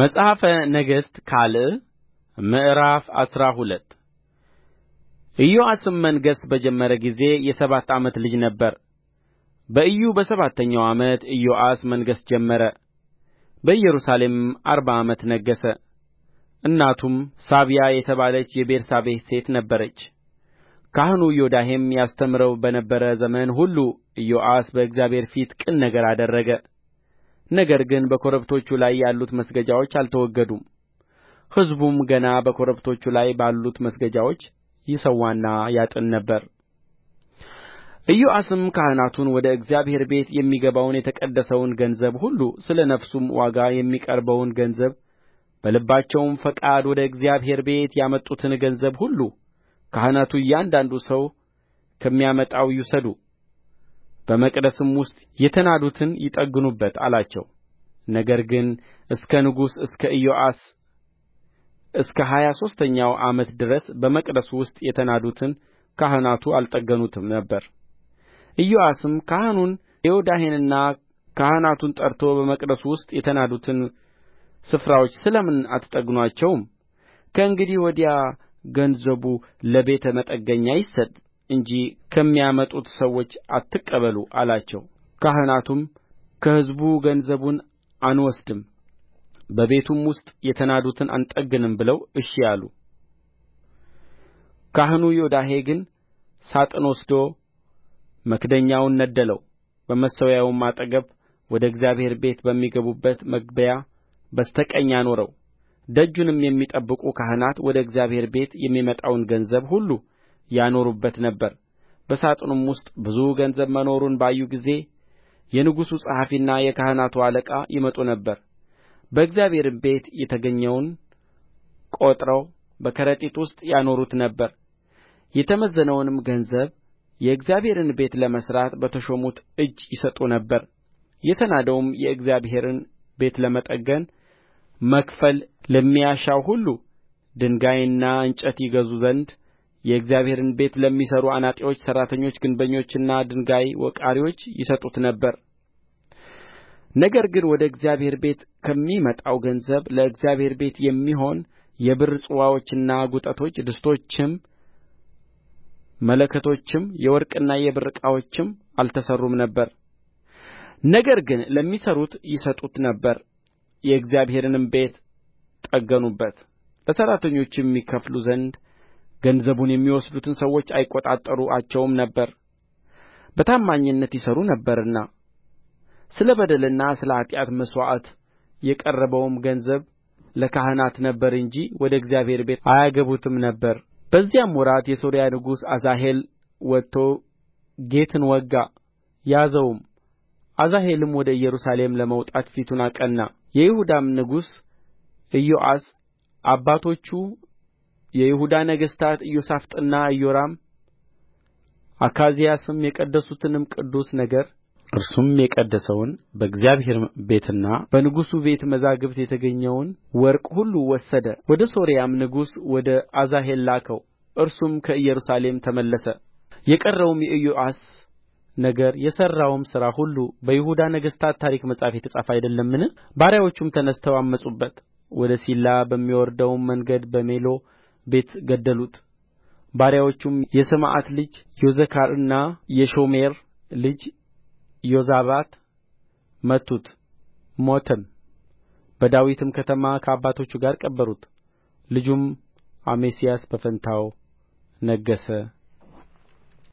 መጽሐፈ ነገሥት ካልዕ ምዕራፍ አስራ ሁለት ኢዮአስም መንገሥ በጀመረ ጊዜ የሰባት ዓመት ልጅ ነበረ። በኢዩ በሰባተኛው ዓመት ኢዮአስ መንገሥ ጀመረ። በኢየሩሳሌምም አርባ ዓመት ነገሠ። እናቱም ሳቢያ የተባለች የቤርሳቤህ ሴት ነበረች። ካህኑ ዮዳሄም ያስተምረው በነበረ ዘመን ሁሉ ኢዮአስ በእግዚአብሔር ፊት ቅን ነገር አደረገ። ነገር ግን በኮረብቶቹ ላይ ያሉት መስገጃዎች አልተወገዱም ሕዝቡም ገና በኮረብቶቹ ላይ ባሉት መስገጃዎች ይሠዋና ያጥን ነበር ኢዮአስም ካህናቱን ወደ እግዚአብሔር ቤት የሚገባውን የተቀደሰውን ገንዘብ ሁሉ ስለ ነፍሱም ዋጋ የሚቀርበውን ገንዘብ በልባቸውም ፈቃድ ወደ እግዚአብሔር ቤት ያመጡትን ገንዘብ ሁሉ ካህናቱ እያንዳንዱ ሰው ከሚያመጣው ይውሰዱ በመቅደስም ውስጥ የተናዱትን ይጠግኑበት አላቸው ነገር ግን እስከ ንጉሡ እስከ ኢዮአስ እስከ ሀያ ሦስተኛው ዓመት ድረስ በመቅደሱ ውስጥ የተናዱትን ካህናቱ አልጠገኑትም ነበር ኢዮአስም ካህኑን ዮዳሄንና ካህናቱን ጠርቶ በመቅደሱ ውስጥ የተናዱትን ስፍራዎች ስለ ምን አትጠግኑአቸውም ከእንግዲህ ወዲያ ገንዘቡ ለቤተ መጠገኛ ይሰጥ እንጂ ከሚያመጡት ሰዎች አትቀበሉ አላቸው ካህናቱም ከሕዝቡ ገንዘቡን አንወስድም በቤቱም ውስጥ የተናዱትን አንጠግንም ብለው እሺ አሉ ካህኑ ዮዳሄ ግን ሣጥን ወስዶ መክደኛውን ነደለው በመሠዊያውም አጠገብ ወደ እግዚአብሔር ቤት በሚገቡበት መግቢያ በስተ ቀኝ አኖረው ደጁንም የሚጠብቁ ካህናት ወደ እግዚአብሔር ቤት የሚመጣውን ገንዘብ ሁሉ ያኖሩበት ነበር በሳጥኑም ውስጥ ብዙ ገንዘብ መኖሩን ባዩ ጊዜ የንጉሡ ጸሐፊና የካህናቱ አለቃ ይመጡ ነበር በእግዚአብሔርም ቤት የተገኘውን ቈጥረው በከረጢት ውስጥ ያኖሩት ነበር የተመዘነውንም ገንዘብ የእግዚአብሔርን ቤት ለመሥራት በተሾሙት እጅ ይሰጡ ነበር የተናደውም የእግዚአብሔርን ቤት ለመጠገን መክፈል ለሚያሻው ሁሉ ድንጋይና እንጨት ይገዙ ዘንድ የእግዚአብሔርን ቤት ለሚሠሩ አናጢዎች ሠራተኞች ግንበኞችና ድንጋይ ወቃሪዎች ይሰጡት ነበር ነገር ግን ወደ እግዚአብሔር ቤት ከሚመጣው ገንዘብ ለእግዚአብሔር ቤት የሚሆን የብር ጽዋዎችና ጕጠቶች ድስቶችም መለከቶችም የወርቅና የብር ዕቃዎችም አልተሠሩም ነበር ነገር ግን ለሚሠሩት ይሰጡት ነበር የእግዚአብሔርንም ቤት ጠገኑበት ለሠራተኞችም ይከፍሉ ዘንድ ገንዘቡን የሚወስዱትን ሰዎች አይቈጣጠሩአቸውም ነበር በታማኝነት ይሠሩ ነበርና ስለ በደልና ስለ ኃጢአት መሥዋዕት የቀረበውም ገንዘብ ለካህናት ነበረ እንጂ ወደ እግዚአብሔር ቤት አያገቡትም ነበር በዚያም ወራት የሶርያ ንጉሥ አዛሄል ወጥቶ ጌትን ወጋ ያዘውም አዛሄልም ወደ ኢየሩሳሌም ለመውጣት ፊቱን አቀና የይሁዳም ንጉሥ ኢዮአስ አባቶቹ የይሁዳ ነገሥታት ኢዮሣፍጥና ኢዮራም አካዝያስም የቀደሱትንም ቅዱስ ነገር እርሱም የቀደሰውን በእግዚአብሔር ቤትና በንጉሡ ቤት መዛግብት የተገኘውን ወርቅ ሁሉ ወሰደ ወደ ሶርያም ንጉሥ ወደ አዛሄል ላከው እርሱም ከኢየሩሳሌም ተመለሰ የቀረውም የኢዮአስ ነገር የሠራውም ሥራ ሁሉ በይሁዳ ነገሥታት ታሪክ መጽሐፍ የተጻፈ አይደለምን ባሪያዎቹም ተነሥተው ዐመፁበት ወደ ሲላ በሚወርደውም መንገድ በሚሎ ቤት ገደሉት ባሪያዎቹም የሰምዓት ልጅ ዮዘካርና የሾሜር ልጅ ዮዛባት መቱት ሞተም በዳዊትም ከተማ ከአባቶቹ ጋር ቀበሩት ልጁም አሜስያስ በፋንታው ነገሠ